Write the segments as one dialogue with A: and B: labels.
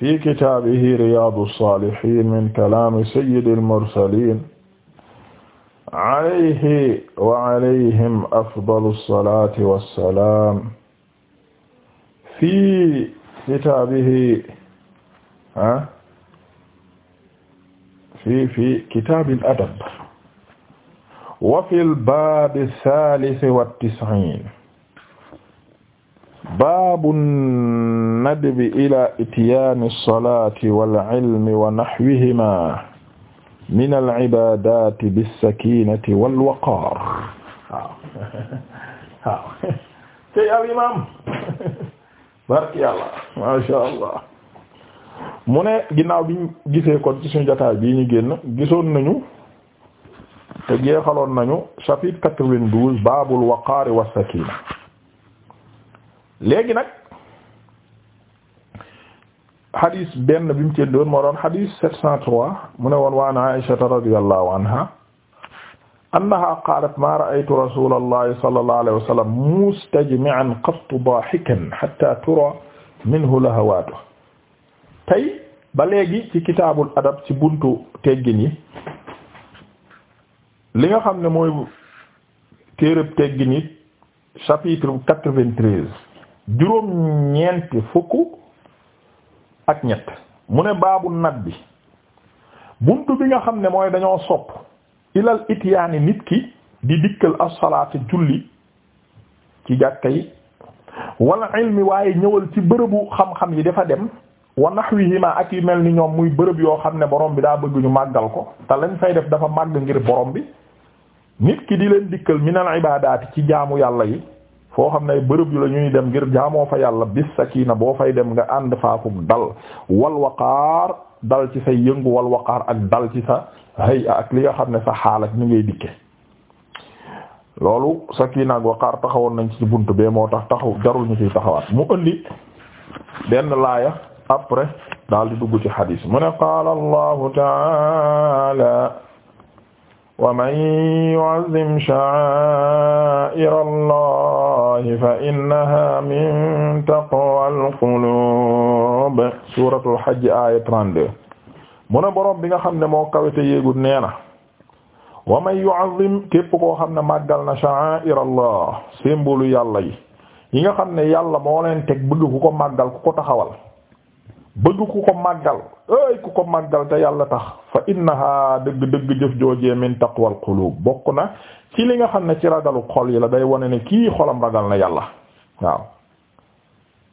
A: fi kitaabihi riyaadu saalihiin min kalaami sayyidil mursaliin alayhi wa alayhim afdalu salaati wa salaam fi kitaabihi ah fi fi kitaabil adab wa fil baabi saalisi wa tis'iin baabu nadbi ila ityaani salaati wal ilmi wa naxwihimaa minal ibaadaati bisakiinati wal waqaar waaw waaw al imaam barki yàlla masha allah mu ne ginnaaw bi ñu ci suñu jotaay bii ñu génn gisoon nañu te jeexaloon nañu chapitre quatre-vingt-douze baabul waqaari sakiina léegi nag xadis benn bi mu ci doon moo doon xadis sept cent trois mu ne woon wa an aishata radiyallahu anha annaha qaalat ma ra'aytu rasulallahi sallallahu alayhi wa sallam mustajmi'an qattu daahikan hatta tura minhu lahawaatuhu tey ba léegi ci kitaabul adab ci buntu teggin yi li nga xam ne mooy téereb teggin yi chapitre quatre-vingt-treize juróom ñeenti fukk ak ñett mu ne baabu nat bi bunt bi nga xam ne mooy dañoo sopp ilal ityaani nit ki di dikkal as-salaata julli ci jàkka yi wala ilmi waaye ñëwal ci bërëbu xam-xam yi dafa dem wa nahwihima ak yu mel ni ñoom muy bërëb yoo xam ne borom bi daa bëgguñu ñu màggal ko te lañ fay def dafa màgg ngir borom bi nit ki di leen dikkal minal ibaadaati ci jaamu yàlla yi foo xam ne bërëb yu la ñuy dem ngir jaamoo fa yàlla bis sakina boo fay dem nga ànd faakuk dal wal waqaar dal ci sa yëngu wal waqaar ak dal ci sa hay ak li nga xam ne sa xaal ak ni ngay dikke loolu sakina ak taxawoon nañ ci bunt bee moo tax taxawu jarul ñu ciy taxawaat mu indi benn laaya après daal di dugg ci xadiis mu ne qaala allahu taala wa man yu'azzim sha'a'ira Allahi fa innaha min taqwal qulub suuratul hajj mu ne boroom bi nga xam ne moo kawete yéegul nee na wa man yu'azzim képp koo xam ne màggal na sha'a'ira Allah symbole yàlla yi yi nga xam ne yàlla moo leen teg bëgg ko màggal ku ko taxawal bëgg ku ko màggal ay ku ko màggal te yàlla tax fa innaha dëgg dëgg jëf joojee min taqwal qulub bokk na ci li nga xam ne ci ragalu xol yi la day wane ne kii xolam ragal na yàlla waaw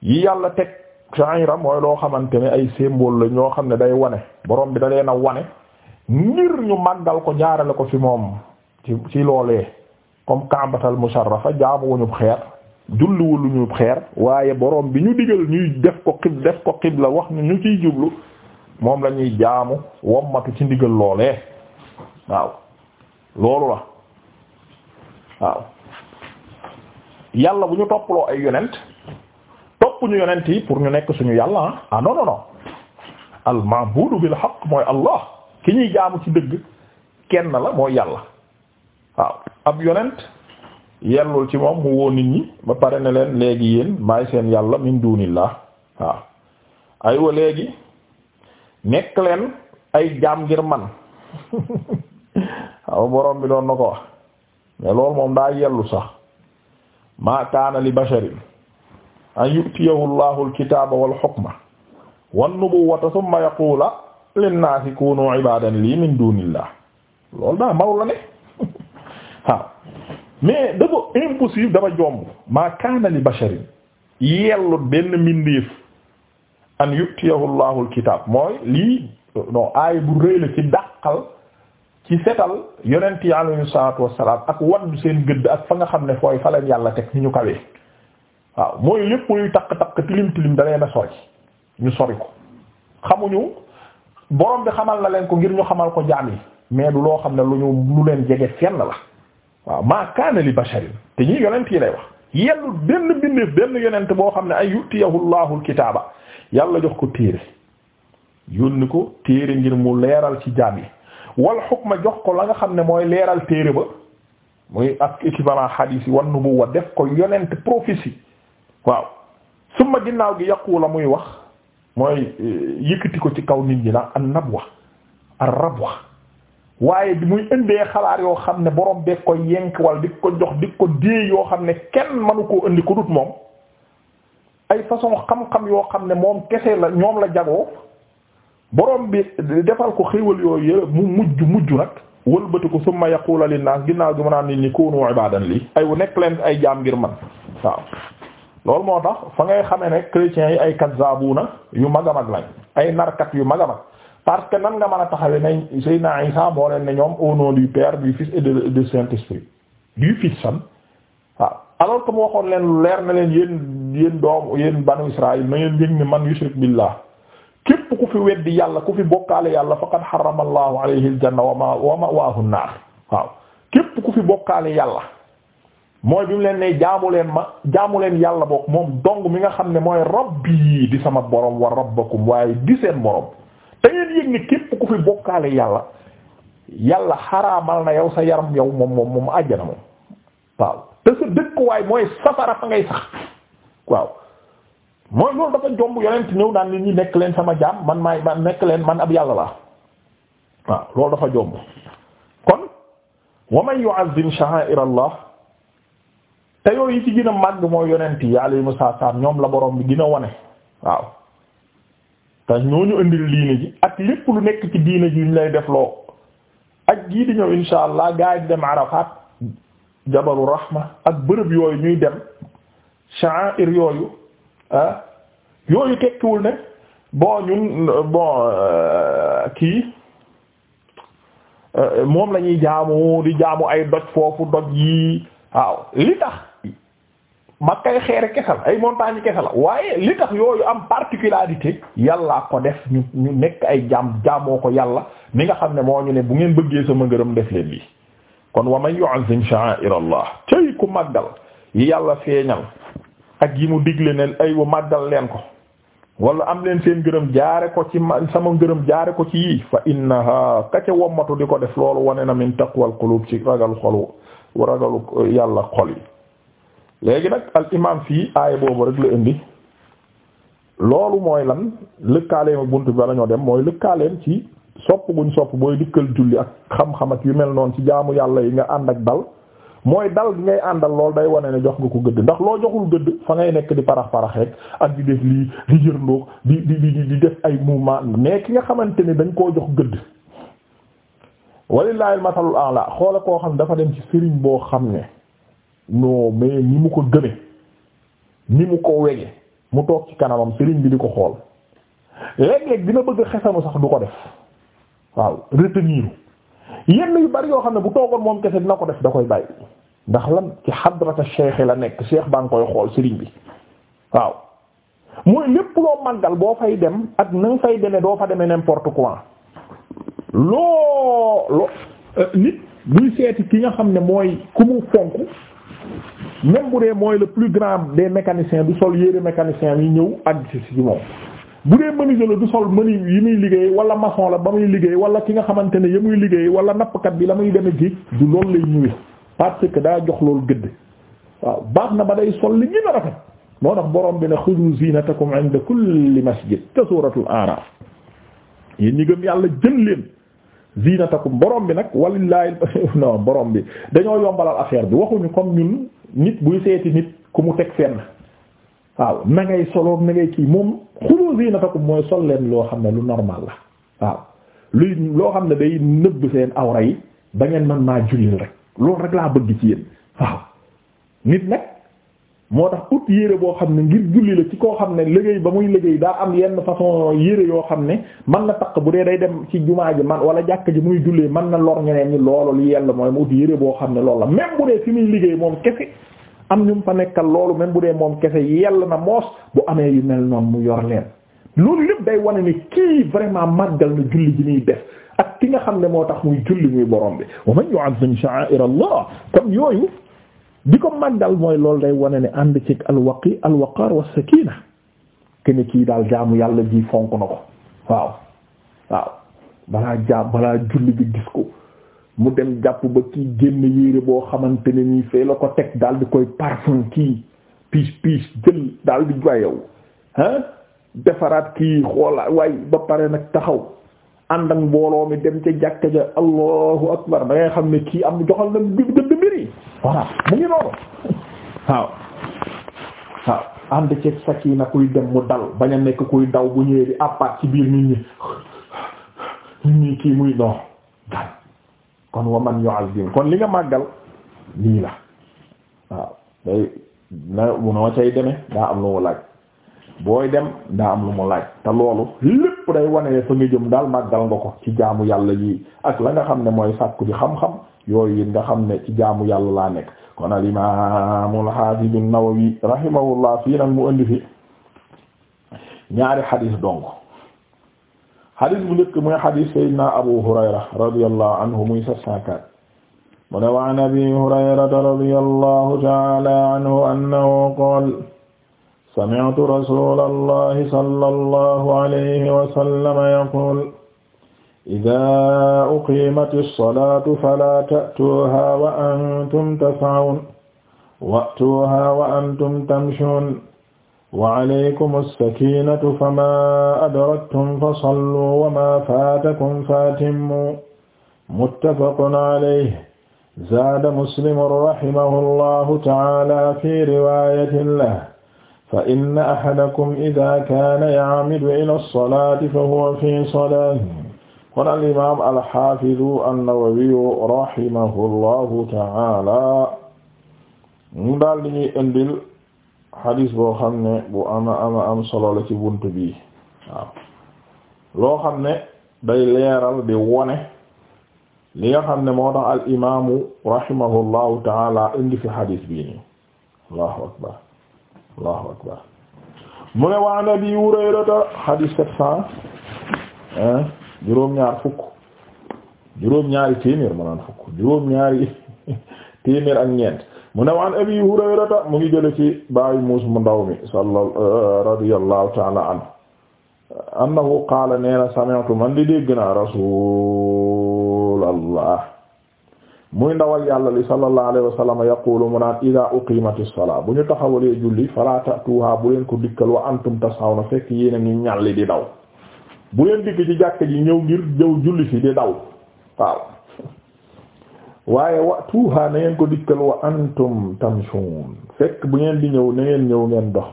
A: yi yàlla teg sha'ira mooy loo xamante ne ay symbole la ñoo xam ne day wane borom bi da leen a wane ngir ñu màggal ko jaarale ko fi moom ci ci loolee comme ka'batal musharrafa jaamu wuñu xeet julliwu lu ñu xeer waaye borom bi ñu digal ñuy def ko def ko xibla wax ñu ñu ciy jublu moom lañuy ñuy jaamu wommatu ci ndigal loolee waaw loolu la waaw yàlla bu ñu topploo ay yonent topp ñu yonent yi pour ñu nekk suñu yàlla ah, ah non bil haqq mooy allah ki ñuy jaamu ci dëgg kenn la moo yàlla waaw ab yonent yellul ci moom mu woo nit ba pare na leen léegi yéen maay seen yàlla min dunillah waaw aywa léegi nekk leen ay jaam ngir man waaw borom bi doon na ko wax mais loolu moom daa yellu sax ma kaana li basharin an yu'tiyahu llahu alkitaba wal hukma wan nubuwwata thumma yaqula linnaasi kunu ibadan lii min dunillah loolu daa maw la ne waaw mais dafa impossible dafa jomb maa kaana li basharin yellut benn mbindeef an yutiyahu llahu alkitab mooy lii non aay bu rëy la ci dàqal ci setal yonent yi alayhi salaatu wassalaam ak wan seen gëdd ak fa nga xam ne fooy fa leen yàlla teg ni ñu kawee waaw mooy lépp luy takk-takk tilim tilim da leen sori ñu sori ko xamuñu borom bi xamal na leen ko ngir ñu xamal ko jaam yi mais du loo xam ne lu ñu lu leen jege fenn la waaw maa kaana li basharin te ñii yonent yi lay wax yellu benn bindeef benn yonent boo xam ne ay yutiyahu llahu alkitaaba yàlla jox ko téere yónni ko téere ngir mu leeral ci jaam yi wal xukma jox ko la nga xam ne mooy leeral téere ba muy ak équivalent hadith yi wan nubuwa def ko yonent prophétie waaw suma ginnaaw gi yàqu la muy wax mooy eh, yëkkati ko ci kaw nit ñi la an nabwa ar rabwa waaye bi muy indee xalaat yoo xam ne boroom beeg ko yenk wala di ko jox di ko dee yoo xam ne kenn mënu koo indi ku dut moom ay façon xam-xam yoo xam ne moom kese la ñoom la jagoo boroom bi defal ko xéewal yooyu yëpp mu mujj mujj nag wëlbati ko summa yaqulu linnaas ginnaaw gi ma naan nit ñi kunu ibadan lii. aywa nekk leen ay jaam ngir man waaw loolu moo tax fa ngay xamee ne chrétiens yi ay kat na yu mag a mag lañ ay narkat yu mag a mag parce que nan nga mën a taxawee ne Seydina Isa moo leen ne ñoom au nom du Père du Fils et de du Saint-Esprit du waaw alors waxoon leen leer na leen yéen yéen doom yéen banu Israël na ngeen yëg ni man yushrik billah képp ku fi weddi yàlla ku fi bokkaale yàlla faqad harrama Allahu alayhi al-janna wa ma waaw képp ku fi bokkaale yàlla mooy bi mu leen ne jaamu leen ma jaamu leen yàlla bokk moom dong mi nga xam ne mooy rabbi di sama borom wa rabbakum waaye di seen te ngeen yëg ni képp ku fi bokkaale yàlla yàlla xaraamal na yow sa yaram yow moom moom moom àjjana moom waaw te sa dëkkuwaay mooy safara fa ngay sax waaw mooy loolu dafa jomb yonent ñëw naan nit ñi nekk leen sama jaam man maay man nekk leen man ab yàlla la waaw loolu dafa jomb kon wa man yu'azzim sha'a'ir Allah te màgg mooy yonent yi alayhimu salaam ñoom la borom bi dina wone waaw te ñooñu indi diine ji ak lépp lu nekk ci diine ji ñu lay def loo ak gii di ñëw insha allah gaa yi dem Arafat jabalu rahma ak bërëb yooyu ñuy dem sha'air yooyu ah yooyu tekkiwul ne bon ñun bon euh, kii euh, moom lañuy ñuy jaamu di jaamu ay doj foofu doj yi waaw li tax makkay xeere kese la ay montagne kese la waaye li tax yooyu am particularité yàllaa ko def ñu ñu nekk ay jaam jaamoo ko yàlla mi nga xam ne moo ñu ne bu ngeen bëggee sama ngërëm def leen lii kon wa man yu'azzim sha'a'ir Allah tey ku màggal yi yàlla feeñal ak yi mu digle ne ay wa màggal leen ko wala am leen seen ngërëm jaare ko ci sama ngërëm jaare ko ci yii fa innaha ka ca wommatu di ko def loolu wane na min taqwal qulub ci ragal xolu ragalu yàlla xol yi léegi nag al imam fii aay boobu rek la indi loolu mooy lan lëkkaaleema bunt bi bala lañoo dem mooy lëkkaaleen ci sopp guñ sopp booy dikkal julli ak xam-xam ak yu mel noonu ci jaamu yàlla yi nga ànd ak dal mooy dal gi ngay àndal lool day wane ne jox nga ko gëdd ndax loo joxul gëdd fa ngay nekk di parax parax ak di def lii di jërndoog di di di di def ay mouvement mais ki nga xamante ni dañ koo jox gëdd walillahi al masalul a'la xoola koo xam dafa dem ci boo xam ne non mais ni mu ko gëme ni mu ko wege mu toog ci kanamam sëriñ bi di ko xool léeg-léeg dina bëgg xesanu sax du ko def waaw retenir yenn yu bari yoo xam ne bu toogoon moom kese dina ko def da koy bàyyi ndax lan ci xadrata cheikh la nekk cheikh baa nga koy xool sëriñ bi waaw mooy lépp loo màggal boo fay dem ak na nga fay demee doo fa demee n'importe quoi loo loo euh, nit buy seeti ki nga xam ne mooy ku mu fonk même bu dee mooy le plus grand des mécaniciens du sol yére mécanicien yi ñëw àgg si si moom bu dee menuisier la du sol menu yi muy liggéey wala maçon la ba muy liggéey wala ki nga xamante ne ya muy liggéey wala nappkat bi la muy deme géej du loolu lay ñëwee parce que daa jox loolu gëdd waaw baax na ba day sol li gën a rafet moo tax borom bi ne xudu zinatakum inda kulli masjid te suuratul aaraaf yéen ñi gëm yàlla jël leen zinatakum borom bi nag walillahi non borom bi dañoo yombalal affaire bi waxuñu comme ñun nit buy seeti nit ku mu teg fenn waaw na ngay soloog kii moom xulu zinatakum mooy sol leen loo xam ne lu normal la waaw luy loo xam ne day nëbb seen awra yi ba ngeen mën maa jullil rek loolu rek laa bëgg ci yéen waaw nit nag moo tax ut yére boo xam ne ngir julli la ci koo xam ne liggéey ba muy liggéey daa am yenn façon yére yoo xam ne man na takk bu dee day dem ci jumaa ji man wala jàkk ji muy jullee man na lor ñeneen ñi loolu li yell mooy mu ut yére boo xam ne loolu la même bu dee fi liggéey moom kese am ñu fa nekkal loolu même bu dee moom kese yell na moos bu amee yu mel noonu mu yor leen loolu lépp day wane ni kii vraiment màggal na julli ji muy def ak ki nga xam ne moo tax muy julli muy borom bi wa man yu'azzim sha'a'ir Allah comme yooyu di ko màggal mooy loolu day wane ne ànd ci alwaqi alwaqaar wa sakina kene kii daal jaamu yàlla ji fonk na ko waaw waaw balaa jaam balaa julli bi gis ko mu dem jàpp ba kii génn yére boo xamante ne nii fee la ko teg daal di koy parfum kii piis piis jël daal di joyew hein defaraat kii xoola waaye ba pare nag taxaw ànd ak mbooloo mi dem ca jàkka ja allahu akbar da xam ne kii am joxal na voilà mu ngi noonu waaw waaw ànd ceeg sakina kuy dem mu dal bañ a nekk kuy daw bu ñëwee di àppaat ci biir nit ñi kii muy dox dal kon wa man yu'azzim kon li nga màggal lii la waaw noo cay demee daa am lu mu laaj booy dem daa am lu mu laaj te loolu lépp day wane ne fa nga jëm daal màggal nga ko ci jaamu yàlla yi ak la nga xam ne mooy sàkku di xam-xam yooyu it nga xam ne ci jaamu yàlla laa nekk kon al imam al hafiz an-Nawawi rahimahullah fii nag mu indi fi ñaari xadis donc xadis bu njëkk muy xadis sayyidina Abu Hurayra radiyallahu anhu muy sept cent quatre mu ne wa an Abi Hurayrata radiyallahu ta'ala anhu annahu qaala sami'tu rasulallahi sallallahu alayhi wa sallam yaqul idaa uqiimati salaatu falaa ta'tuuhaa wa antum tas'awun wa'tuuhaa wa antum tamshuun wa alaykumu sakiinatu famaa adraktum fasalluu wa maa faatakum fatimmuu muttafaqun alayhi zaada muslimun rahimahullahu ta'aalaa fi riwaayatin lahu fa inna ahadakum idaa kaana ya'midu ilaa salaati fahuwa fii salaatin kon al imaam al xaafidu an-Nawawi mu daal di ñuy indil xadis boo xam ne bu ama ama am solo la ci buntu bi loo xam ne day leeral di wone li nga xam ne moo tax al imaamu rahimahullahu ta'ala indi fi xadis bii nii allahu akbar allahu akbar mu ne wa an Abi Hurayrata xadis sept cent juróom-ñaar fukk juróom-ñaari téeméer mu naan fukk juróom-ñaari téeméer ak ñeent mu abi hurayrata mu ngi jële ci baayu muus mu ndaw mi salla euh, radiyallahu ta'ala anhu annahu qaala neena sami'tu man di dégg naa rasulallah muy ndawal yàlla li sallallahu alayhi wa sallam yaqulu mu naan ida uqimatis salaa bu ñu taxawalee julli fala ta'tuha bu leen ko dikkal wa antum tasawna fekk yéen ngi ñàlli di daw bu leen dikk ci jàkk ji ñëw ngir ñëw julli si di daw waaw waaye ngeen ko dikkal wa bu ngeen di ñëw na ñëw ngeen dox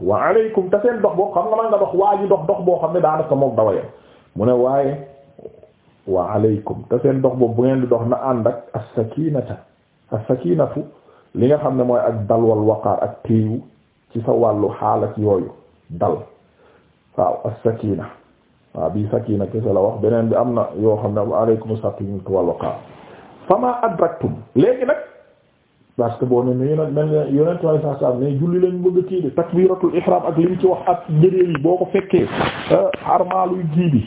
A: waaw wa dox dox boo xam ne daanaka moom dawa mu ne waaye wa aleykum te dox boobu di dox na ànd ak as-sakinata as-sakinatu li nga xam ne mooy ak dal wal ak téeyu ci sa wàllu xaalat yooyu dal waaw as-sakina waaw bii sakina kese la wax beneen bi am na yoo xam ne aleykum sakinatu wal waqa fama adraktum léegi nag parce que boo ne ne yonent mel ne yonent way sa sam ne julli lañ bëgg kii de takbiratul ihram ak li mu ci wax ak njëréel yi boo ko fekkee eh, armaluy gii bi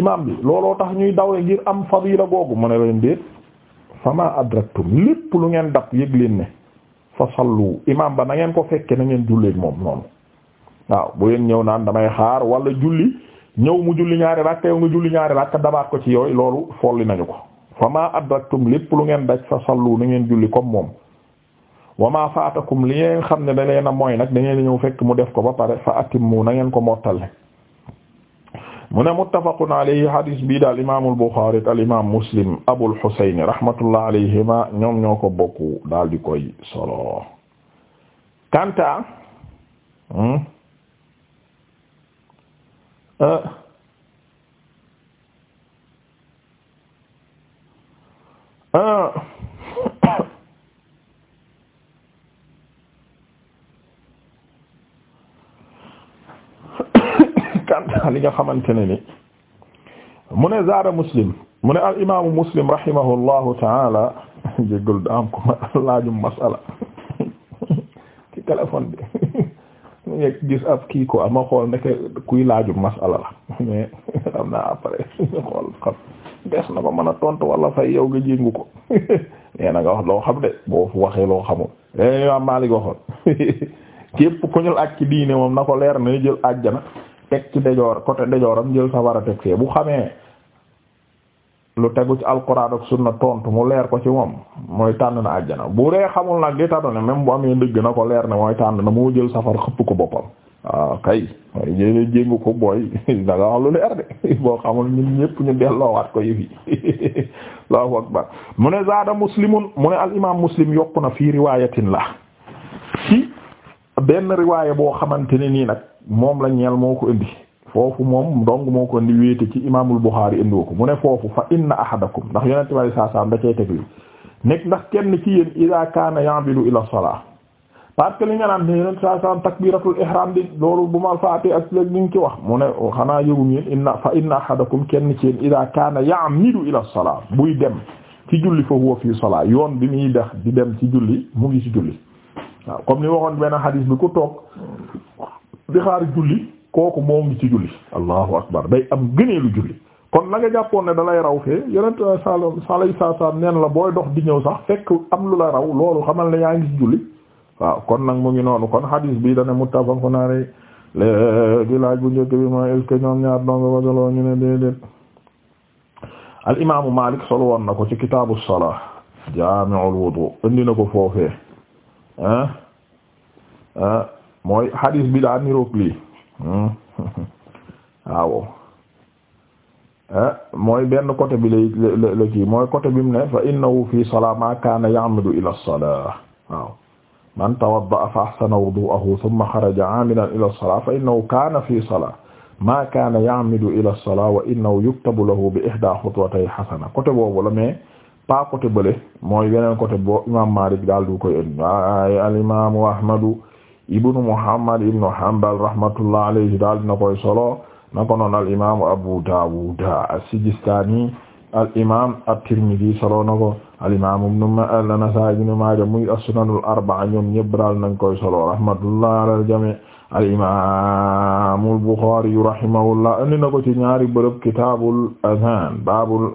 A: imam bi looloo tax ñuy dawee ngir am fadila googu mu ne leen déet fama adraktum lépp lu ngeen dab yëg leen ne fa sallu imam ba na ngeen ko fekke na ngeen julleeg noonu waaw bu leen ñëw naan damay xaar wala julli ñëw mu julli ñaari rakk yow nga julli ñaari rakk dabaat ko ci yooyu loolu folli nañu ko fa ma adraktum lépp lu ngeen daj fa sallu na ngeen julli comme moom wa ma faatakum li xam ne da leen a mooy nag da ngeen ñëw fekk mu def ko ba pare fa atimmu na ngeen ko mottale mu ne muttafaqun alayhi hadis bii daal imaamul Buxaari al imaam Muslim Abul Husayn rahmatullah alayhima ñoom ñoo ko bokku daal di koy solo hmm? Ah. Ah. kanta li nga xamante ne ni mu ne zaada muslim mu ne al imaamu muslim rahimahullahu taala jéggul daam ko ma laajum masala ci téléphone bi yegg gis ab kii ko ama xool nekk kuy laaju masala la mais xam naa après ñu xool xam des na ko mën a tontu wala fay yow nga jéngu ko nee na nga wax loo xam de boo waxee loo xamul leen imaam Maalik waxoon képp ku ñul ak ci diine moom na ko leer na jël àjjana teg ci dejoor côté dejooram jël sa war a teg fee bu xamee lu tegu ci alquran ak sunna tontu mu leer ko ci moom mooy tànn na àjjana bu dee xamul nag di tànn ne même bu amee dëgg na ko leer ne mooy tànn na moo jël safar xëpp ko boppam ko booy da nga ñu delloowaat ko yëf mu ne zaada muslimun mu ne al imam na fii riwayatin la boo xamante ne nii nag moom la ñeel moo ko indi foofu moom dong moo ko ni wéete ci imaamul Buxaari indiwu mu ne foofu fa inna ahadakum ndax yonente bi saa saam da cay teg li nekk ndax kenn ci yéen ida kaana ya'bidu ila salaa que li nga naan ne yonente saa saam takbiratul ihram di loolu wax mu xanaa yëgum yéen inna kenn ci yéen ida kaana ya'midu ila salaa buy dem ci julli fa huwa fi salaa yoon bi muy dex di dem ci julli mu ngi ci julli waaw comme ni waxoon benn xadiis bi ku toog di julli kooku moo ngi ci julli allahu akbar day am gëneelu julli kon la nga jàppoon ne dalay raw fee yonent euh, sallallahu alayhi wasallam neen la booy dox di ñëw sax fekk am lu la raw loolu xamal ne yaa ngi julli waaw kon nag mu ngi noonu kon hadis bi dana muttafaqun alayhi léegi laaj bu njëkk bi mooy est ñoom ñaar donga wasaloo ñu ne déedéet al woon na ko ci kitaabu salaa jaami'ul wudu indi na ko foofee ah ah mooy hadis bi daa lii Hmm? Ah, waaw eh, mooy benn côté bi la la kii mooy côté bi mu ne fa innahu fi salaa ma kaana ya'mudu ila as-salaa waaw man tawadda'a fa ahsana wudu'ahu thumma kharaja 'aamidan ila as-salaa fa innahu kaana fi salaa ma kaana ya'mudu ila as-salaa wa innahu yuktabu lahu bi ihdaa khutwatayhi hasana côté boobu la mais pas côté bële mooy beneen côté boo imaam Maalik daal du koy indi al imaamu Ahmadu ibnu Muhammad ibnu Hanbal rahmatullah alayhi daal na koy solo na ko noon al imaamu Abu Dawud as-Sijistani al imaam at-Tirmidhi solo na ko al imaamu ibnu an-Nasa'i ibnu Maaja muy as-sunanul arba'a ñoom ñépp daal nañ koy solo rahmatullah ala al-jami' al imaamu al-Bukhari rahimahullah indi na ko ci ñaari bërëb kitaabul adhan baabul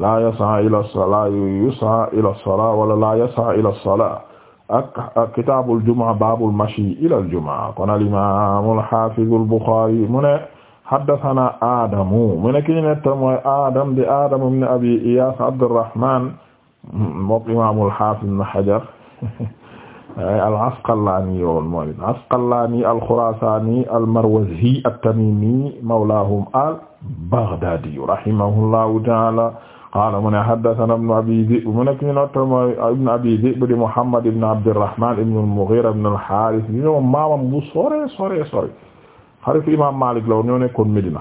A: la yas'a ila as-salaa yus'a ila as-salaa wala la yas'a ila as-salaa ak kitaabul jumaa baabul mashi ilal jumaa kon al imaamul haafizul Buxaari mu ne haddasanaa Adamu mu ne ki ñu netta mooy Adam di Adam ibn Abi Iyaas Abdurrahmaan mook imaamul haafiz ibn Hajar al Asqalaani yoon mooy Asqalaani al Xuraasaani al Marwazi at-Tamiimi mawlaahum al Baghdaadi rahimahullahu ta'aala qaala mu ne haddathana ibnu abi Dhi'b mu nekk ñu nottal mooy ibnu abi Dhi'b di Muhammad ibnu Abdirrahmaan ibnu al-Mughira ibnu al-Haarith ñu ñëw maamam bu sore sore sore xaritu imaam Maalik la woon ñoo nekkoon Medina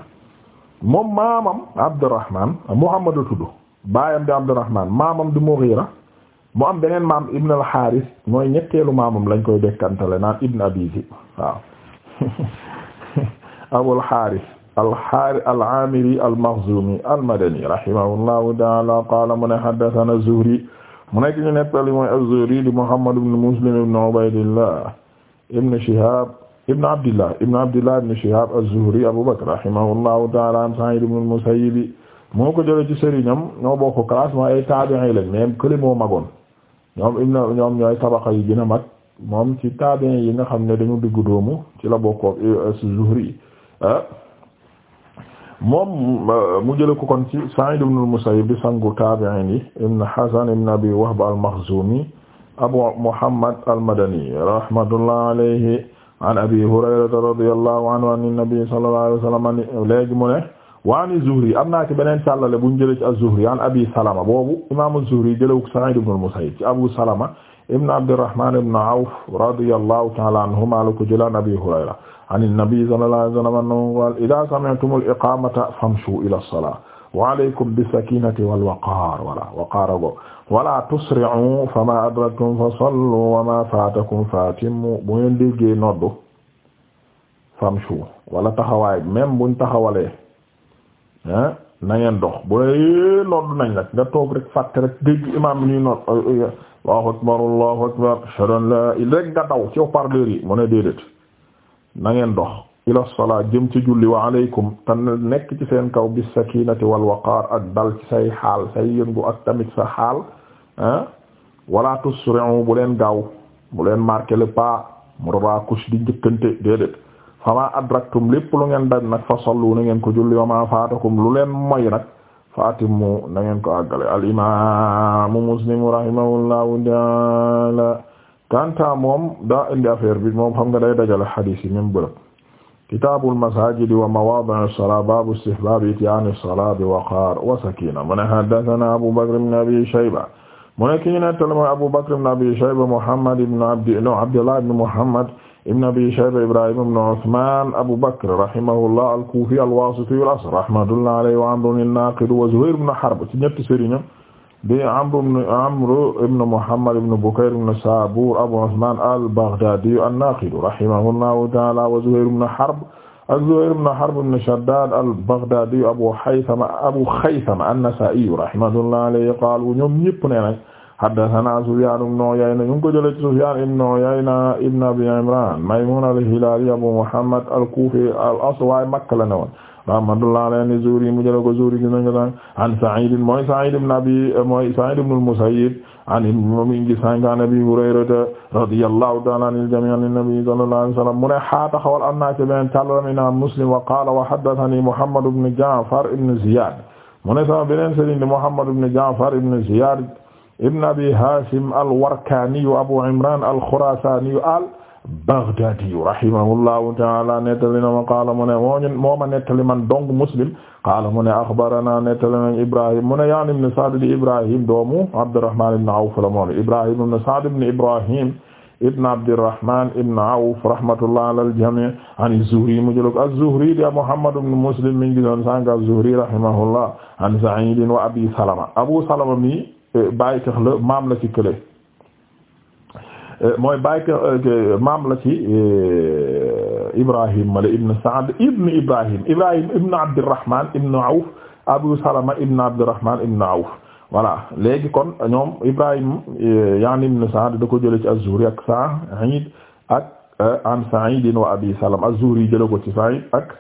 A: moom maamam Abdirrahmaan Muhammad tudd baayam di Abdirrahmaan maamam di Mughira mu am beneen maam ibnu al-Haarith mooy ñetteelu maamam lañ koy dekkantale naan ibnu abi Dhi'b waaw Abul Haarith alxaari al'aamiri al-Makhzumi al-Madani rahimahullahu ta'ala qaala mu ne haddathana Zuhri mu nekk ñu nettali mooy az-Zuhri di Muhammad ibn Muslim ibn Ubaydillah ibn Shihab ibn Abdillah ibn Abu Bakr rahimahullahu ta'ala an Sa'id ibn al-Musayyib moo ko jëlee ci sëriñam ñoo bokk classe mooy ay taabi'i lañ même kële moo magoon ñoom ibn ñoom ñooy tabaqa yi gën a mag moom ci taabi'i yi nga xam ne dañu diggu doomu ci la bokkook as-Zuhri euh, ah. moom euh, mu jële ko kon ci Sa'id ibn al-Musayyib di sangu taabi'iin yi ibn Hasan ibn Abi Wahb al-Makhzumi Abu Muhammad al-Madani rahmatullah alayhi an Abi Hurayrata radiyallahu anhu an an-nabi sallallahu alayhi wa sallam léegi mu ne waani Zuhri am naa ci beneen càllale bu ñu jëlee ci az-Zuhri an Abi Salama boobu imaam az-Zuhri jële ko Sa'id ibn al-Musayyib ci Abu Salama ibn Abdurrahman ibn Awf radiyallahu ta'ala anhuma la ko jëlee an Abi Hurayra an nabi sallallahu alayhi wa sallam annahu qaala idaa sami'tumul iqaamata famshuu ilaa salaati wa alaykum bisakiinati wal waqaar wala waqaar go wala tusri'uu famaa adraktum fasalluu wa maa faatakum fatimmuu bu ngeen déggee noddu famshuu wala taxawaay même buñ taxawalee ah na ngeen dox bu dee noddu nañ nag nga toog rek fàtte rek dégg imaam bi ñuy nodd Allahu akbar Allahu akbar ashhadu an laa ilaaha illa rek nga daw ci haut-parleur yi mu ne déedéet na ngeen dox ila salaa jëm ci julli wa aleykum te nekk ci seen kaw bis sakinati wal waqaar ak dal ci say xaal say yëngu ak tamit sa xaal wala tusri'u bu leen gaaw bu leen marquer le pas murakush di njëkkante déedéet fama adraktum lépp lu ngeen daj nag fa sallu na ngeen ko julli wa ma faatakum lu leen moy nag faatimu na ngeen ko àggale al imaamu kanta moom daa indi affaire bi moom xam nga day dajale xadiis yi même bërëb kitaabul masaajidi wa mawaadi'i salaa baabu istihbaabi ityaani salaa bi waqaar wa sakiina mu ne haddasanaa Abu Bakr ibn Abi Shayba mu ne ki ñu nettali mooy Abu Bakr ibn Abi Shayba Muhammad ibn Abdi no Abdullah ibn Muhammad ibn Abi Shayba Ibrahim ibn Uthman Abu Bakr rahimahullah al-Kufi al-Wasiti al-Asr rahmatullahi alayhi wa Amr an-Naqid wa Zuhayr ibn Harb ci ñetti sëriñam bi Amr ibn Amr ibn Muhammad ibn Bukayr ibn Saabuur Abu Usmaan al-Baghdaadi an-Naaqid rahimahullahu ta'aala wa Zuhayr ibn Harb ak Zuhayr ibn Harb ibn Shaddaad al-Baghdaadi Abu Haythama Abu Khaythama an-Nasaa'i rahimahullahu alayhi qaalu ñoom ñëpp nee nañ haddathanaa Sufyaan ibn Uyayna ñu ngi ko jëlee ci Sufyaan ibn Uyayna ibn Abi Imraan Maymuun al-Hilaali Abu Muhammad al-Kuufi al-asl wa Makka la ne woon rahmatullah alayhi Zuhri mu jëla ko Zuhri gis nañ ko sànq an Sa'id mooy Sa'id ibn Abi mooy Sa'id ibn al-Musayyib an moom i ngi sànq an Abi Hurayrata radiyallahu ta'ala anil jami' an nabi sallallahu alayhi wa sallam mu ne xaata xawal am naa ci beneen càllami na Muslim wa qala wa haddathani Muhammad ibn Ja'far ibn Ziyad mu ne sama beneen sëriñ di Muhammad ibn Ja'far ibn Ziyad ibn Abi Hashim al-Warkani Abu Imran al-Khurasani al Baghdadi rahimahullahu ta'ala nettali na ma qaala mu ne moo moo ma nettali man dong Muslim qaala mu ne axbarana nettali nañ Ibrahim mu ne yaani ibn Sa'd di Ibrahim doomu Abdurrahman ibn Awf la moom Ibrahim ibn Sa'd ibn Ibrahim ibn Abdurrahman ibn Awf rahmatullah ala al-jami' an az-Zuhri mu jël ko az-Zuhri di Muhammad ibn Muslim mi ngi doon sànq az-Zuhri rahimahullah an Sa'id wa Abi Salama Abu Salama mi eh, bàyyi tax la maam la ci kële mooy baay euh, maam la ci euh, Ibrahim mala ibn Sa'd ibn Ibrahim Ibrahim ibn Abdurrahman ibn Awf Abu Salama ibn Abdurrahman ibn Awf voilà léegi kon ñoom Ibrahim euh, yaani ibn Sa'd da ko jële ci az-Zuhri ak Sa'id ak an Sa'id wa Abi Salama az-Zuhri jële ko ci Sa'id ak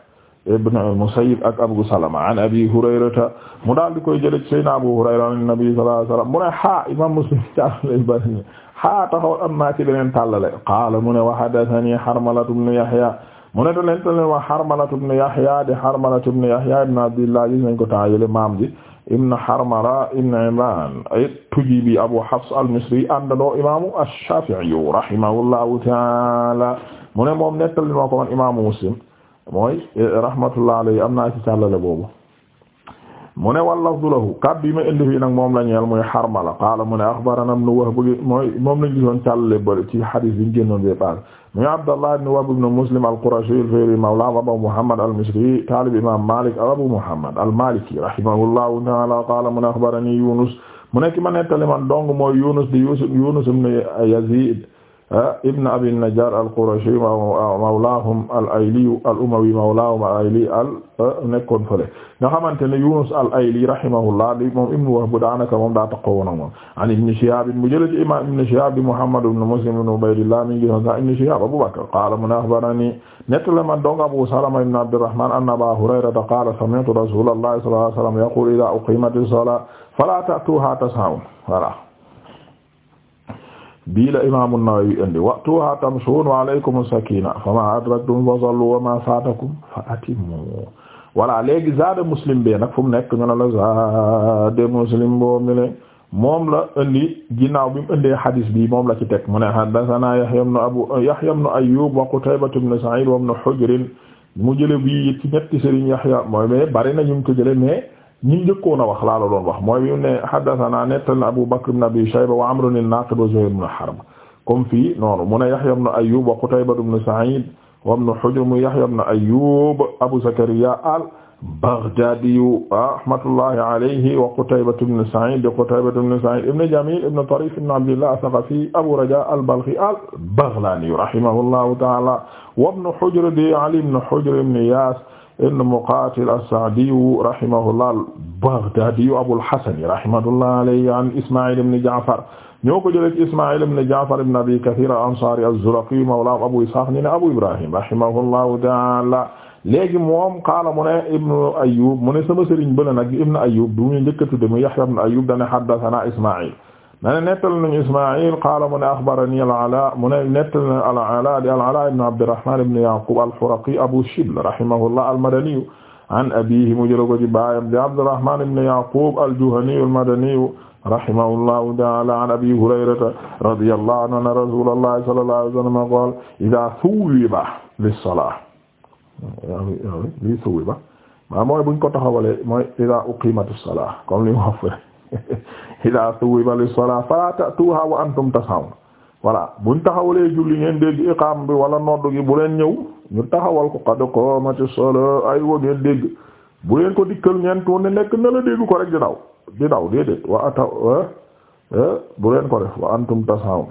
A: ibn al-Musayyib ak Abu Salama an Abi Hurayrata mu daal di koy jële ci Sayyidina Abu Hurayra an Nabi sallallahu alayhi wasallam mu ne ha Imam Muslim xaa taxaw am naa ci beneen tàllale qaala mu ne wa hadathani Harmalatu ibn Yahya mu ne daleen taleen wa Harmalatu ibn Yahya de Harmalatu ibn Yahya ibn Abdillah gis nañ ko taayele maam ji ibn Harmala ibn Imran at-Tujibi Abu Hafs al-Misri àndandoo imaamu ash-Shafi'i rahimahullahu ta'ala mu ne moom nettali ma ko woon imaamu Muslim mooy eh, rahmatullah alayhi am naa ci tàllale boobu mu ne wal lafdu lahu yi ma indi fii nag moom la ñeel muy Harmala qaala mu ne axbarana ibnu Wahb mooy moom lañ gisoon càlle ba ci hadis bi ñu génnoon bi pass muy Abdallah ibnu Wahb ibnu Muslim al-Qurashi al-Fihri mawla Abu Muhammad al-Misri taalib imam Malik Abu Muhammad al-Maliki rahimahullahu ta'ala qaala mu ne axbarani Yunus mu nekk ma nettali man dong mooy Yunus di Yunus ibnu Yazid Ah ibn abi najjar al-qurashi mawlaahum al-ayli al-umawi mawlaahum al-ayli al ah, nekkoon fële nga xamante ne yunus al-ayli rahimahullah di moom ibn wahb daanaka moom daa taxaw woon ak moom an ibn shihab mu jële ci imam ibn shihab di muhammad ibn muslim ibn ubaydillah min gison sa ibn shihab abu bakr qaala mu ne akhbarani nettale man dong abu salama ibn abdurrahman anna aba hurayrata qaala sami'tu rasulallahi sallallahu alayhi wa sallam yaqulu idha uqimatis salatu fala ta'tuha tas'aw voilà bii la imaamu Nawawi indi waqtuha tamshuun wa alaykum sakina fama adraktum fasallu wa ma faatakum fa atimmu voilà léegi zaade muslim bee nag fu mu nekk ñu ne la zaade muslim boo mele la indi ginaaw bi mu indee hadis bi moom la ci teg mu ne haddathana Yahya ibn Abu Yahya ibn Ayyub wa Qutayba ibn Sa'id wa ibn Hujr mu jële bii ci ñetti sëriñ Yahya mooy mais bari na ñu ko jële mais ñi njëkkoon a wax laa la doon wax mooy bi mu ne haddathana nettal Abu Bakr ibn Abi Shayba wa Amr an-Naqid wa Zuhayr ibn Harb comme fii noonu mu ne Yahya ibn Ayyub wa Qutayba ibn Sa'id wa ibn Hujr mu Yahya ibn Ayyub Abu Zakariya al-Baghdadi rahmatullahi alayhi wa Qutayba ibn Sa'id Qutayba ibn Sa'id ibn Jamil ibn Tarif ibn Abdillah ath-Thaqafi Abu Raja al-Balkhi al-Baghlani rahimahullahu ta'ala wa ibn Hujr di Ali ibn Hujr ibn Iyas ibn Muqatil as-Sa'diyu rahimahullah al-Baghdadiyu Abul Hasan rahimahullah alayhi an Isma'il ibn Ja'far ñoo ko jëlee ci Isma'il ibn Ja'far ibn Abi Kathir al-Ansari az-Zuraqi mawla Abu Ishaq ñu ne Abu Ibrahim rahimahullahu ta'ala léegi moom qaala mu ne Ibn Ayyub mu ne sama sëriñ bële nag Ibn Ayyub du mu njëkk a tudd mu Yahya ibn Ayyub dana haddathana Isma'il mane nettal nañu Ismaïl qaala mu ne axbarani al-Alaa mu ne nettal nañu al-Alaa di al-Alaa ibn Abdirrahmaan ibn Yaquub al-Furaqi Abu Shibl rahimahullah al-Madaniyu an abiihi mu jëla ko ci baayam di Abdirrahmaan ibn Yaquub al-Juhaniyu al-Madaniyu rahimahullahu ta'aala an Abii Hurayrata radiyallahu anhu anna rasuulallahi sallallahu alayhi wa sallam qaala idaa suwwiba lis-salaat lii suwwiba mooy buñ ko taxawalee mooy idaa uqiimatis-salaat comme li mu wax idaa suwiba li salaa falaa ta'tuuha wa antum tasawun voilà buñ taxawalee julli ngeen dégg iqaam bi wala nodd gi bu leen ñëw ñu taxawal ko qad qaamati salaa ay wa ngeen dégg bu leen ko dikkal ngeen tuur ne nekk na la dégg ko rek di daw di daw déedéet wa ata eh, eh, bu leen ko def wa antum tasawun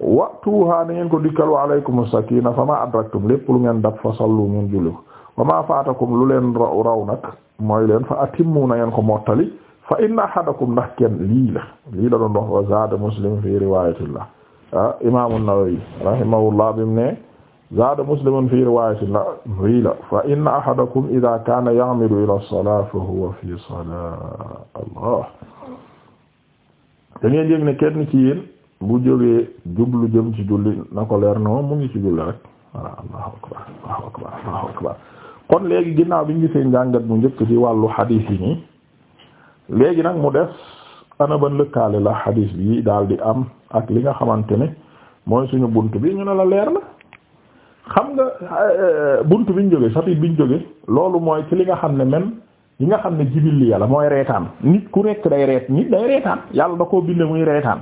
A: wa tuuha na ngeen ko dikkal wa alaykum sakina fa ma adraktum lépp lu ngeen dab fa sallu ngeen julli ko wa ma faatakum lu leen raw raw nag mooy leen fa atimmu na ko mottali fa inna ahadakum ndax kenn lii la zaada muslim fi riwayatillah ah imaam an-Nawawi rahimahullah bi mu ne zaada muslimun fi riwayatillah lii la fa inna ahadakum idha kana ya'midu ila as-salati fa fi salaa allah da ngeen yëg ci yéen bu jógee jublu jëm ci julli na ko leer mu ngi ci julli rek voilà akbar allahu akbar allahu akbar kon léegi ginnaaw bi ñu gisee njàngat bu njëkk ci wàllu xadiis léegi nag mu des ana ban lëkkaale la xadiis bi daal di am ak li nga xamante ne mooy suñu bunt bi ñu ne la leer la xam nga bunt bi biñ jóge chapitre biñ jóge loolu mooy ci li nga xam ne même yi nga xam ne jibil li yàlla mooy reetaan nit ku rekk day reet nit day reetaan yàlla da koo binde muy reetaan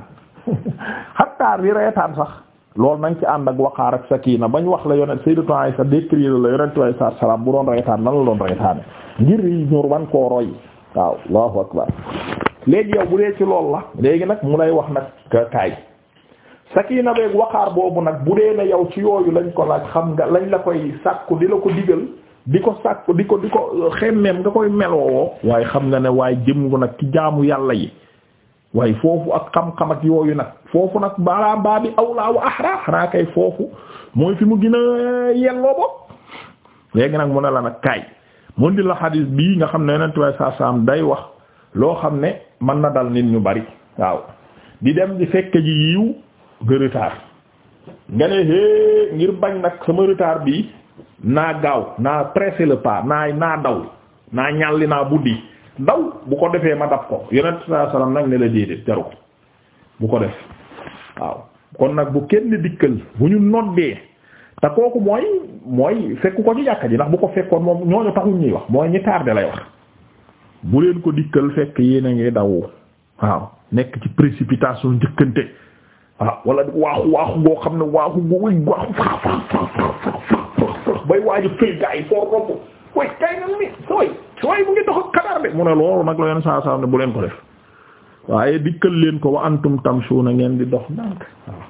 A: xattaar bi reetaan sax loolu nañ ci ànd ak waqaar ak sakina bañ wax la yonent sayyidatu Aisha décrire la yonent sallallahu alayhi wasallam bu doon reetaan nan la doon reetaane ngir yi ñur waaw allahu akbar léegi yow bu dee ci loolu la léegi nag mu lay wax nag kaay sakina beeg waxaar boobu nag bu dee na yow ci yooyu lañ ko laaj xam nga lañ la koy sàkku di la ko digal di ko sàkku di ko di ko euh, xemmeem nga koy meloo waaye xam nga ne waaye jëm ngu nag ci jaamu yàlla yi waaye foofu ak xam-xam ak yooyu nag foofu nag balaa baa bi awlaa wa ahra xanaa kay foofu mooy fi mu gën a yelloo bopp léegi nag mu ne la nag kaay mu di la xadis bii nga xam ne yonent way sa saam day wax loo xam ne man na dal nit ñu bari waaw di dem di fekk ji yiw nga retard nga ne hé ngir bañ nag sama retard bi naa gaaw naa pressé le pa naa naa daw naa ñàlli naa buddi daw bu ko defee ma dab ko yonent saa salaam nag ne la déedéet jaru ko bu ko def waaw kon nag bu kenn dikkal bu ñu noddee te kooku mooy mooy fekk ko ci jàkka ji ndax bu ko fekkoon moom ñooñu taxul ñuy wax mooy ñi tardé lay wax bu leen ko dikkal fekk yéen a ngi daw waaw nekk ci précipitation njëkkante waaw wala waaxu waaxu goo xam ne waaxu goo wëy waaxu kay nan mi sooy sooy mu ngi dox ak xadaar de mu ne loolu nag la yoon saa saa ne bu leen ko def waaye dikkal leen ko wa antum tamshuna ngeen di dox ndànk waaw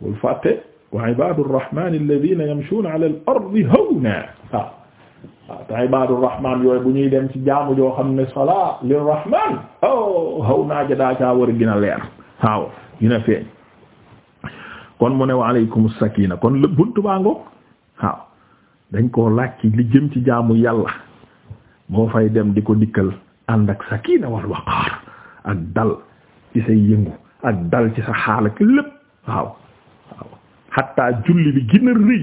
A: bul fàtte wa ibadu rrahman alladina yamshuuna ala al ardi hawna waaw waaw te ibadu rahman yooyu bu ñuy dem ci jaamu joo xam ne salaa lirrahman o oh, hawna ja daa caa war a gën a leer waaw gën a feeñ kon mu ne wa aleykum sakina kon buntu baa ngoog waaw dañ koo laaj ci li jëm ci jaamu yàlla boo fay dem di ko dikkal ànd ak sakina wal waqaar ak dal ci say yëngu ak dal ci sa xaalak lépp waaw xatta julli bi gën a rëy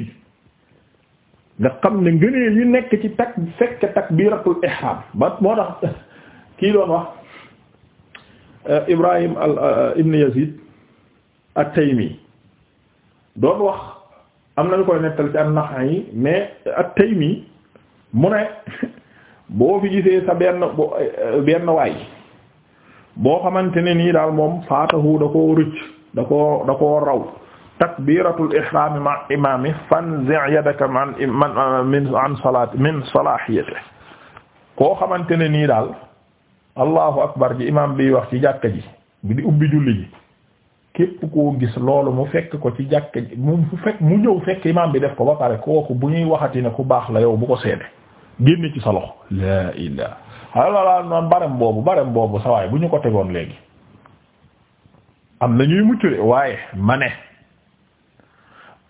A: nga xam ne ngëneel yu nekk ci takk fekk takbiratul ihram ba moo tax kii doon wax euh, Ibrahim euh, ibn Yazid at-Taymi doon wax am nañu koy nettal ci am naxa yi mais at-Taymi mu ne boo fi gisee sa benn euh, benn waay boo xamante ne nii daal moom faatahu da ko rëcc da koo da koo raw takbiratul ihrami ma imami fanzi' yadaka man min an salati min salahiyati koo xamante ne nii daal allahu akbar ji imam bi wax ci jàkka ji bi di ubbi julli ji képp koo gis loolu mu fekk ko ci jàkka ji mu mu ñëw fekk imam bi def ko ba pare kooku bu ñuy waxati ne ku baax la yow bu ko seede génne ci sa loxo la illah alala noon barem boobu barem boobu sa waay bu ñu ko tegoon léegi am na ñuy muccule waaye ma ne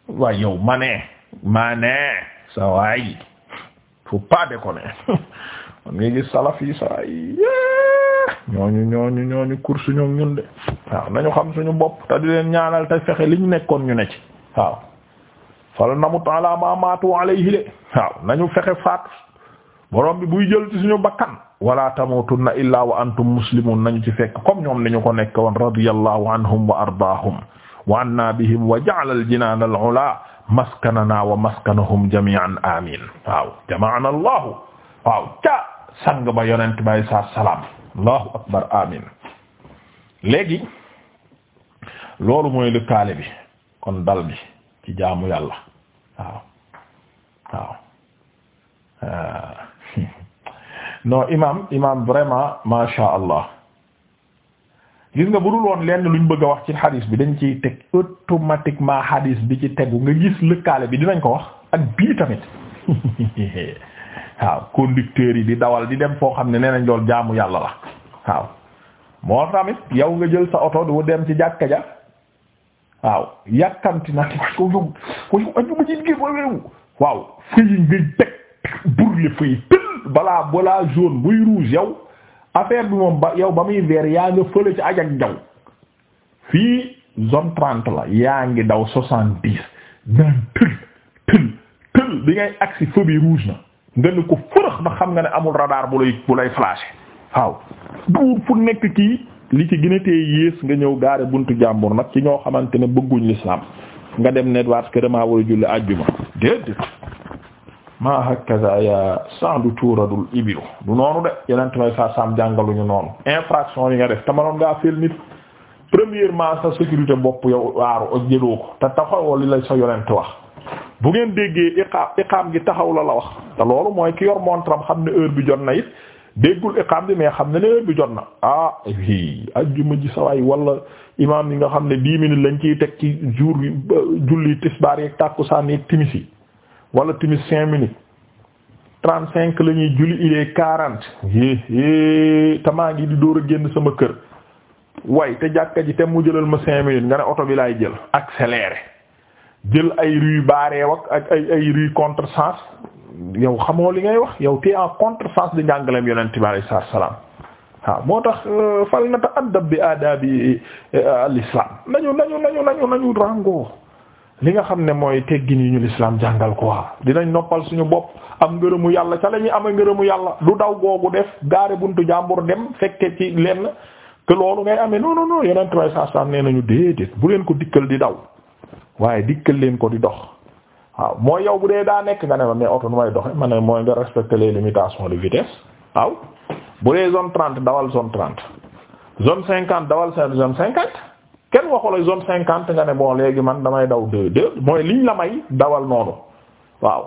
A: waaye yow manee manee sa waay faut pas déconner man ngay gis salaf yi sa waay ñooñu ñooñu ñooñu course ñoom ñun de waaw nañu xam suñu bopp te di leen ñaanal te fexe li ñu nekkoon ñu ne ci waaw fala namut ala ma maatu alayhi de waaw nañu fexe faat borom bi buy jël ci suñu bakkan wala tamutunna illaa wa antum muslimun nañu ci fekk comme ñoom ni ñu ko nekk woon radiyallahu anhum wa ardaahum wa anna bihim wa ja'ala al-jinaan al-'ulaa maskanana wa maskanahum jami'an amin waaw jama'ana allahu waaw ca sang ba yonent bay sa salaam allahu akbar amin léegi loolu mooy lëkkaale bi kon dal bi ci jaamu yàlla waaw waaw non imam imam vraiment ma sha allah gis nga bu dul woon lenn luñ bëgg a wax ci xadis bi dañ ciy teg automatiquement xadis bi ci tegu nga gis lëkkaale bi dinañ ko wax ak bii tamit waaw conducteurs yi di dawal di dem foo xam ne nee nañ lool jaamu yàlla la waaw tamit yow nga jël sa oto du dem ci jàkka ja waaw yàkkamti na ko waaw fëyi ngay teg brûler fëyi tël balaa balaa jaune buy rouge yow affaire bi moom ba yow ba muy veer yaa nga fële ci ajak jaw fii zone trente la yaa ngi daw soixante dix naan tël tël tël bi ngay agsi feu bi rouge na nga ne ko fërëx na xam nga ne amul radar bu lay bu lay flashé waaw buur fu nekk kii li ci gën a yées nga ñëw gaare buntu jàmbur nag ci ñoo xamante ne bëgguñ l'islam nga dem ne parce que damaa war a julli àjjuma déedéet ma hakaza ya Sa'du tuuradul ibilu du noonu de yeneen may sa sam ñu noonu infraction yi nga def tamanoon ngaa feel nit premièrement sa sécurité bopp yow waaru ak jëloo ko te taxawoo li la sa yonent wax bu ngeen déggee iqaam iqaam gi taxaw la la wax te loolu mooy ki yor montram xam ne heure bi jot na it déggul iqaam bi mais xam ne ne heure bi jot na ah i ajjuma ji sawaay wala imam yi nga xam ne dix minutes lañ ci teg ci jour bi julli tisbaar yeeg tàkkusaan yeeg timis yi wala timis cinq minutes trente cinq la ñuy julli il est quarante yé te maa ngi di door a génn sama kër way te jàkka ji te mu jëlal ma cinq minutes nga ne oto bi laay jël ak accéléré jël ay rue barrée wak ak ay ay rue contresens yow xamoo li ngay wax yow te en contresens di njàngaleem yonent bi alayhi salaam waaw moo tax euh, fal na ta addab bi aadaabi euh, al islam nañu nañu nañu nañu nañu rango li nga xam ne mooy teggin yi ñu lislaam jàngal ko waa dinañ noppal suñu bopp am ngërëmu yàlla ca la ñuy amee ngërëmu yàlla du daw googu def gaare buntu jàmbur dem fekke ci na que loolu ngay amee non non non yeneen trois cent ne nee nañu déedéet bu leen ko dikkal di daw waaye dikkal leen ko di dox waaw mooy yow bu dee daa nekk nga ne ma mais oto nu may doxe ma ne mooy nga respecter les limitations de vitesse waaw bu dee zone trente dawal zone trente zone cinquante dawal zone cinquante. kenn waxula zone cinquante nga ne bon léegi man damay daw deux deux mooy liñ la may dawal noonu waaw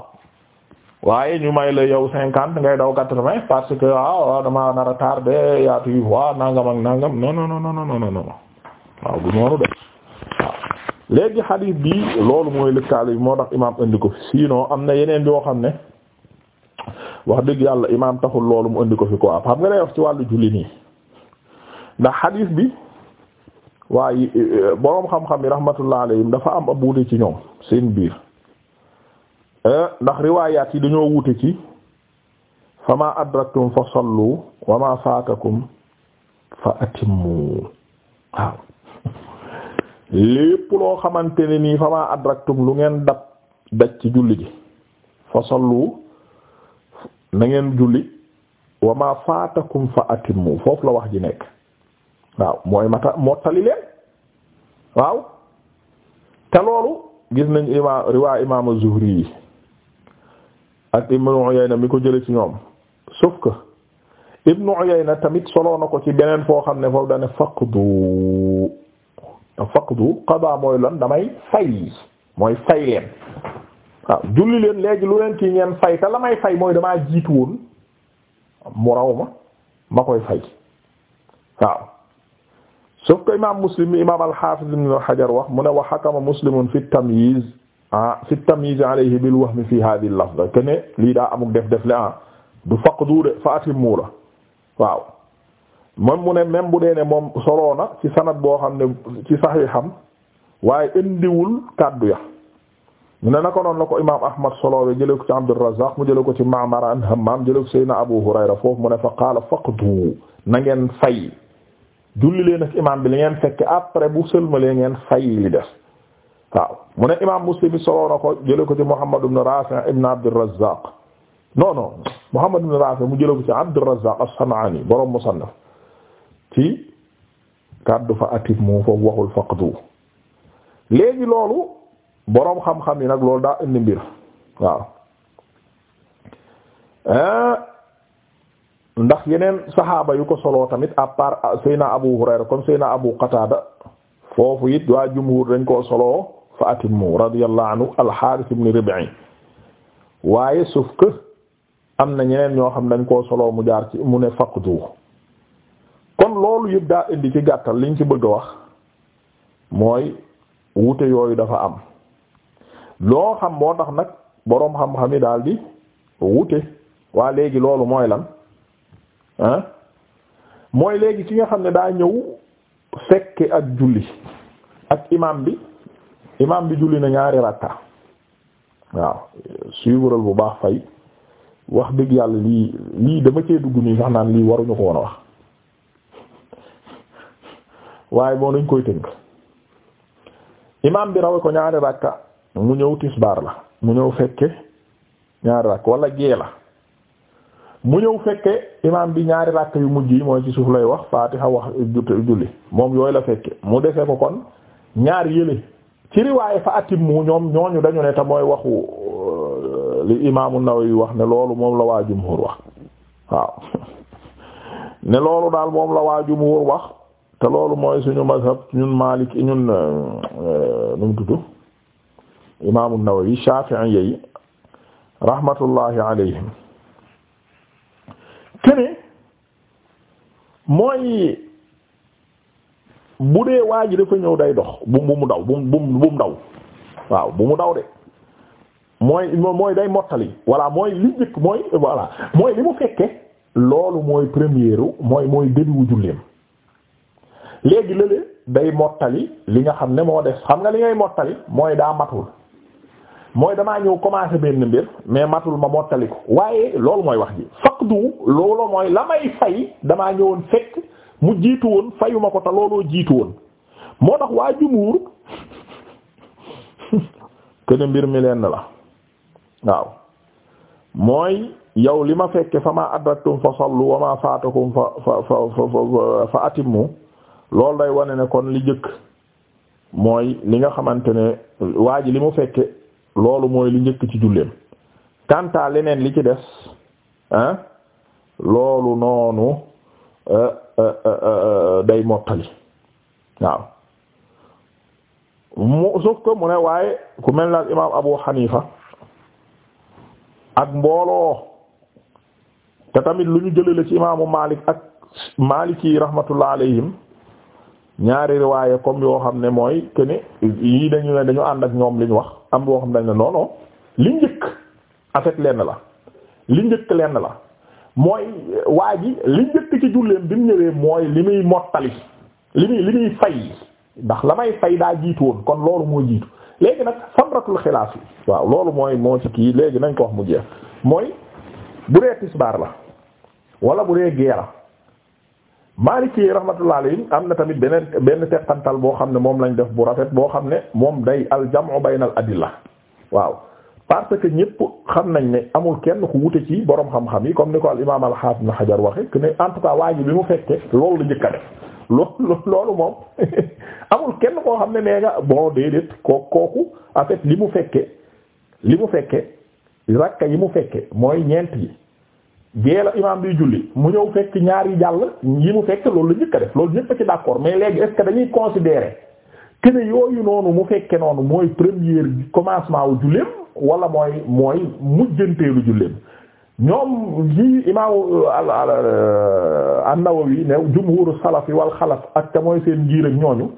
A: waaye ñu may la yow cinquante ngay daw quatre-vingts parce que ah dama nar a tardé yaa tuy waa nangam ak nangam non non non non non non non waaw bu noonu de waaw léegi xadiis bi loolu mooy lëkkaale bi moo tax imaam indi ko fi sinon am na yeneen yoo xam ne wax dëgg yàlla imaam taxul loolu mu indi ko fi quoi xam nga day wax ci wàllu julli nii ndax xadiis waaye eh, eh, boroom xam-xam yi rahmatullah alayhim dafa am ab wuute ci ñoom seen biir eh, ndax riwaayaat yi dañoo wuute ci fama adraktum fa sallu wa ma faatakum fa atimmu waaw lépp loo xamante ne nii fama adraktum lu ngeen dab daj ci julli ji fa sallu na julli wa ma faatakum fa atimmu foofu la wax ji nekk waaw mooy mata mottali leen waaw te loolu gis nañ ima riwaa imaam Zuhri yi ak Ibnu Uyayna mi ko jële ci ñoom sof sauf que Ibnu Uyayna tamit soloo na ko ci beneen foo xam ne foofu dane faqdu faqdu qada mooy lan damay fay mooy fay leen waaw julli leen léegi lu leen kii ngeen fay te la may fay mooy damaa jiitu woon mu raw ma ma koy fay waaw sauf que imaam muslim imaam al-Hafiz ibn Hajar wax mu ne wa hakama muslimun fi tamyiz ah fi tamyiz alayhi bil wahmi fi hadhihi al-lafza kene lii daa amuk def def le ah du faqdu de la waaw moom mu ne même bu dee ne moom soloo na ci sanad boo xam ne ci saxiixam waaye indiwul kaddu ya mu ne naka noonu la ko imaam Ahmad soloowe jëlee ko ci Abdurrazzaq mu jëlee ko ci Ma'mar an Hammam jëlee ko Seydina Abu Hurayra foofu mu ne fa qaala faqdu na ngeen say julli leen ak imaam bi li ngeen fekk après bu sëlmalee ngeen fay li def waaw mu ne imaam Muslim bi soloo na ko jële ko ci Muhammad ibn Rafi' ibn Abd al-Razzaq non non mu jële ko ci Abd al-Razzaq as-San'ani borom musannaf ci kaddu fa atif mu foofu waxul faqdu léegi loolu boroom xam-xam yi nag lool daa indi mbir waaw ndax yeneen saxaaba yu ko soloo tamit à part sayna Abu Hurayra comme sayna Abu Qatada foofu it waa jumhur dañ koo soloo fa atimmu radiyallahu anhu al-Harith ibn Rib'i waaye sauf que am na ñeneen ñoo xam dañ koo soloo mu jaar ci mu ne faqdu kon loolu yëpp daa indi ci gàttal liñ ci bëgg a wax mooy wuute yooyu dafa am loo xam moo tax nag boroom xam-xam yi daal di wuute waa léegi loolu mooy lan Ah mooy léegi ki nga xam ne daa ñëw fekke ak julli ak imam bi imam bi julli na ñaari rakka waaw suivral bu baax fay wax dëgg yàlla lii lii dama cee dugg nii sax naan lii waruñu ko woon wax waaye moo dañ koy tënk imam bi rawe ko ñaari rakka mu ñëw tisbaar la mu ñëw fekke ñaari rakka wala gee la mu ñëw fekke imaam bi ñaari rakk yu mujj yi mooy ci suuf lay wax faatiha wax julli moom yooyu la fekke mu dese ko kon ñaar yële ci riwaaye fa atim mu ñoom ñooñu dañu ne te mooy waxu euh, li imaamu yi wax ne loolu moom la waa jumhur wax waaw ne loolu daal moom la waa jumhur wax te loolu mooy suñu mazhab ñun Maalik ñun euh, euh, nu mu tudd yi Nawawi Shaafi'i yi rahmatullahi alayhim kene mooy bu dee waa ji dafa ñëw day dox bu bu mu daw bu mu daw waaw bu mu daw de mooy mooy day mottali voilà mooy li njëkk mooy voilà mooy li mu fekke loolu mooy première mooy mooy débutu julleem léegi lële day mottali li nga xam ne moo def xam nga li ngay mottali mooy daa matul mooy damaa ñëw commencé benn mbir mais matul ma mottali ko waaye loolu mooy wax ji faqdu loolu mooy la may fay damaa ñëwoon fekk mu jiitu woon fayuma ko te looloo jiitu woon moo tax waa jumuur kene mbir mi lenn la waaw mooy yow li ma fekke fa ma adraktum fa sallu wa ma faatakum fa fa fa fa atimmu day wane ne kon li jëkk mooy li nga xamante ne waa ji li mu fekke loolu mooy li njëkk ci julleem kanta leneen li ci des ah loolu noonu euh, euh, euh, day mottali waaw mu sauf mu ne waaye ku mel na imaam Abu Hanifa ak mbooloo te tamit lu ñu jëlale ci imaamu Malik ak Maliki rahmatullah alayhim ñaari riwaaye comme yoo xam ne mooy que ni yii dañu ne dañu ànd ak ñoom liñ wax am boo xam dañ ne non li njëkk en fait lenn la li njëkk lenn la mooy waa ji li njëkk ci julleem bi mu ñëwee mooy li muy mottali li muy li muy fay ndax la may fay daa jiitu woon kon loolu moo jiitu léegi nag samratul xilaas yi waaw loolu mooy moo ci kii léegi nañ ko wax mu jeex mooy bu dee tisbaar la wala bu dee gee Maliki rahmatullahi yi am na tamit beneen benn teqantal boo xam ne moom lañ def bu rafet boo xam ne moom day al-jam'u bayna al-adilla waaw parce que ñëpp xam nañ ne amul kenn ku wute ci borom xam-xam yi comme ni ko al imaam al-Hafiz Ibn Hajar waxe que ne en tout cas waa ji bi mu fekkee loolu la njëkk a def loolu loolu moom amul kenn koo xam ne nee nga bon déedéet kooku afet en li mu fekkee li mu fekkee rakka yi mu fekkee mooy ñeent yi. gée la imaam bi julli mu ñëw fekk ñaari yi jàll yi mu fekk loolu la ñëkk def loolu ñëpp a ci d'accord mais léegi est-ce que dañuy considérer que yooyu noonu mu fekke noonu mooy première commencement wu julleem wala mooy mooy mujjanteelu julleem ñoom yi al an-Nawawi ne jumhuru salaf yi wal xalaf ak te mooy seen njiir ak ñooñu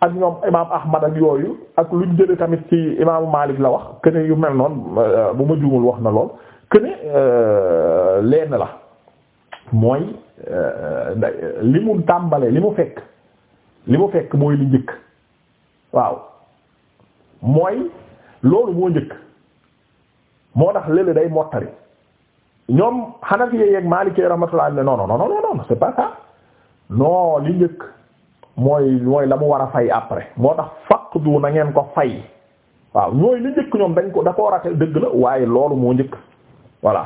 A: ak ñoom imaam Ahmad ak yooyu ak luñ jële tamit ci imaamu Maalik la wax que yu mel noonu euh, bu ma juumul wax na lool. que ne euh, lenn la mooy euh, euh, li mu tàmbalee li mu fekk li mu fekk mooy li njëkk waaw mooy loolu moo njëkk moo tax léeg day mottali ñoom Hanafi yeeg Maliki rahmatullah non non non non non c'est pas ça non li njëkk mooy mooy la mu war a fay après moo tax faqdu na ngeen ko fay waaw ñooy li njëkk ñoom dañ ko da ko raté dëgg la waaye loolu moo njëkk. voilà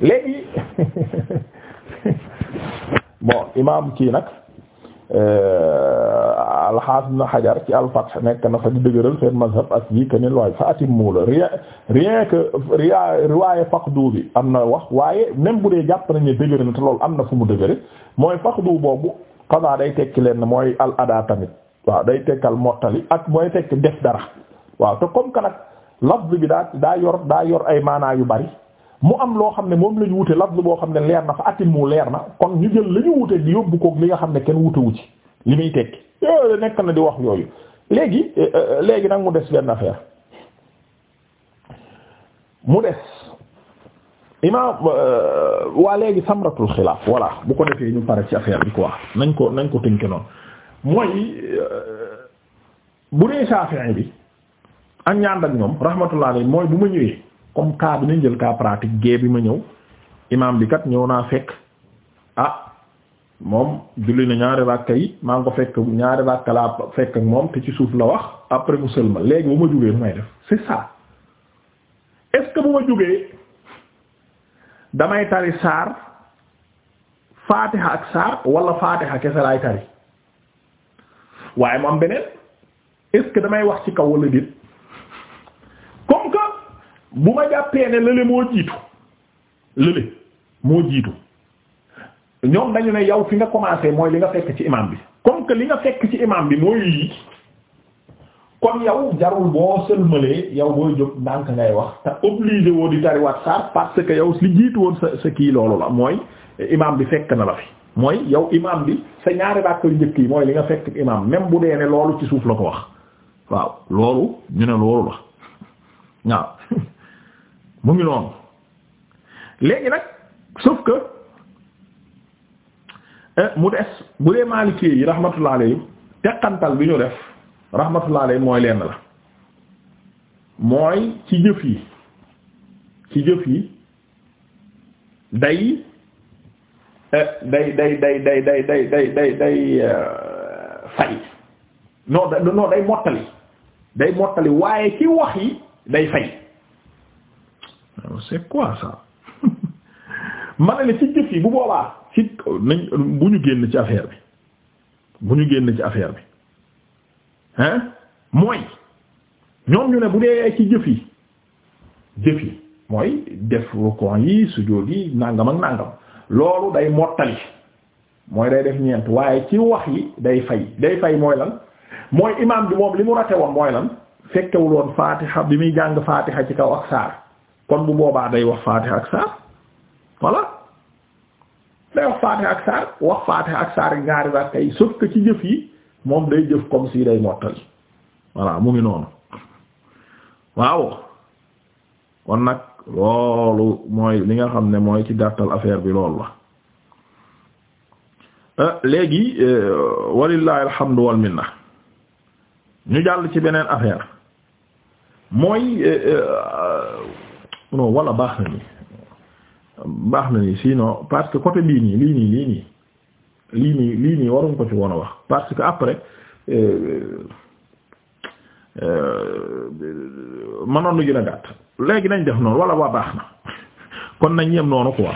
A: léegi bon imaam kii nag euh, alxaas na xajar ci alfath nekk na fa di dëgëral seen mazhab ak yi keneen waaye fa atimmu la rien rien que riwaaye faqdu bi am na wax waaye même bu dee jàpp nañu ne dëgër na te loolu am na fu mu dëgëre mooy faqdu boobu xanaa day tekki leen mooy al adaa tamit waaw day tekkal mottali ak mooy tekki def dara waaw te comme que nag lafz bi daa daa yor daa yor ay maanaa yu bari mu am loo xam ne moom la ñu wute lafz boo xam ne leer na fa atim leer na kon ñu jël la ñu wute di yóbbu koog li nga xam ne kenn wutewu ci li muy tekki yooyu nekk na di wax yooyu léegi eh, eh, eh, léegi nag mu des benn affaire mu des imaam euh, waa léegi samratul xilaaf voilà bu ko defee ñu pare ci affaire bi quoi nañ ko nañ ko tënke noonu mooy euh, bu dee Shafi'i bi ak ñaan ñoom rahmatullah alayhi mooy bu ma ñëwee. comme cas bi nañ jël cas pratique gée bi ma ñëw imam bi kat ñëw naa fekk ah moom julli na ñaari ràkka yi maa ngi ko fekk ñaari ràkka laa fekk ak moom te ci suuf la wax après mu sëlma léegi bu ma jógee bu may def c'est ça est bu ma jógee damay tari saar faatiha ak saar wala faatiha kese laay tari waaye mu am beneen est damay wax ci kaw wala déet bu ma jàppee ne lële moo jiitu lële moo jiitu ñoom dañu ne yow fi nga commencé mooy li nga fekk ci imam bi comme que li nga fekk ci imam bi mooy lii kon yow jarul boo sëlmalee yow booy jóg ndànk ngay wax te obligé woo di tariwaat saar parce que yow li jiitu woon sa kii loolu la mooy imam bi fekk na la fi mooy yow imam bi sa ñaari ràkk yu njëkk yi mooy li nga fekk imam même bu dee ne loolu ci suuf la ko wax waaw loolu ñu ne loolu la waaw mu ngi noonu léegi nag sauf que eh, mu des bu dee maalikee yi rahmatullah teqantal bi ñu def rahmatullah alayhi mooy lenn la mooy ci jëf yi ci jëf yi day eh, day day day day day day day day day eh, fay non non day mottali day mottali waaye ci wax yi day fay c'est quoi ci jëf yi bu boobaa ci nañ bu ñu génn ci affaire bi bu ñu génn ci affaire bi hein mooy ñoom ñu ne bu dee ci jëf yi jëf yi mooy def rukon yi sujjóot yi nàngam ak nàngam loolu day mottali mooy day def ñeent waaye ci wax yi day fay day fay mooy lan mooy imaam bi moom li mu rate woon mooy lan fekkewuloon faatiha bi muy jàng faatiha ci kaw ak saar kon bu boobaa day wax faatiha ak saar voilà ak saar wax faatiha ak saar ci jëf yi moom day jëf comme si day mottali voilà mu ngi noonu waaw kon nag loolu mooy li nga xam ne mooy ci gàttal affaire bi loolu la euh, léegi euh, walillahi alhamdu wal minna ñu jàll ci beneen affaire mooy euh, non wala baax na ni baax na ni no parce que côté lii nii lii nii lii nii lii nii waruñ ko ci woon a wax parce que après euh, euh, manoon lu gën a gàtt léegi nañ def noonu wala waa baax na kon nañ yem noonu quoi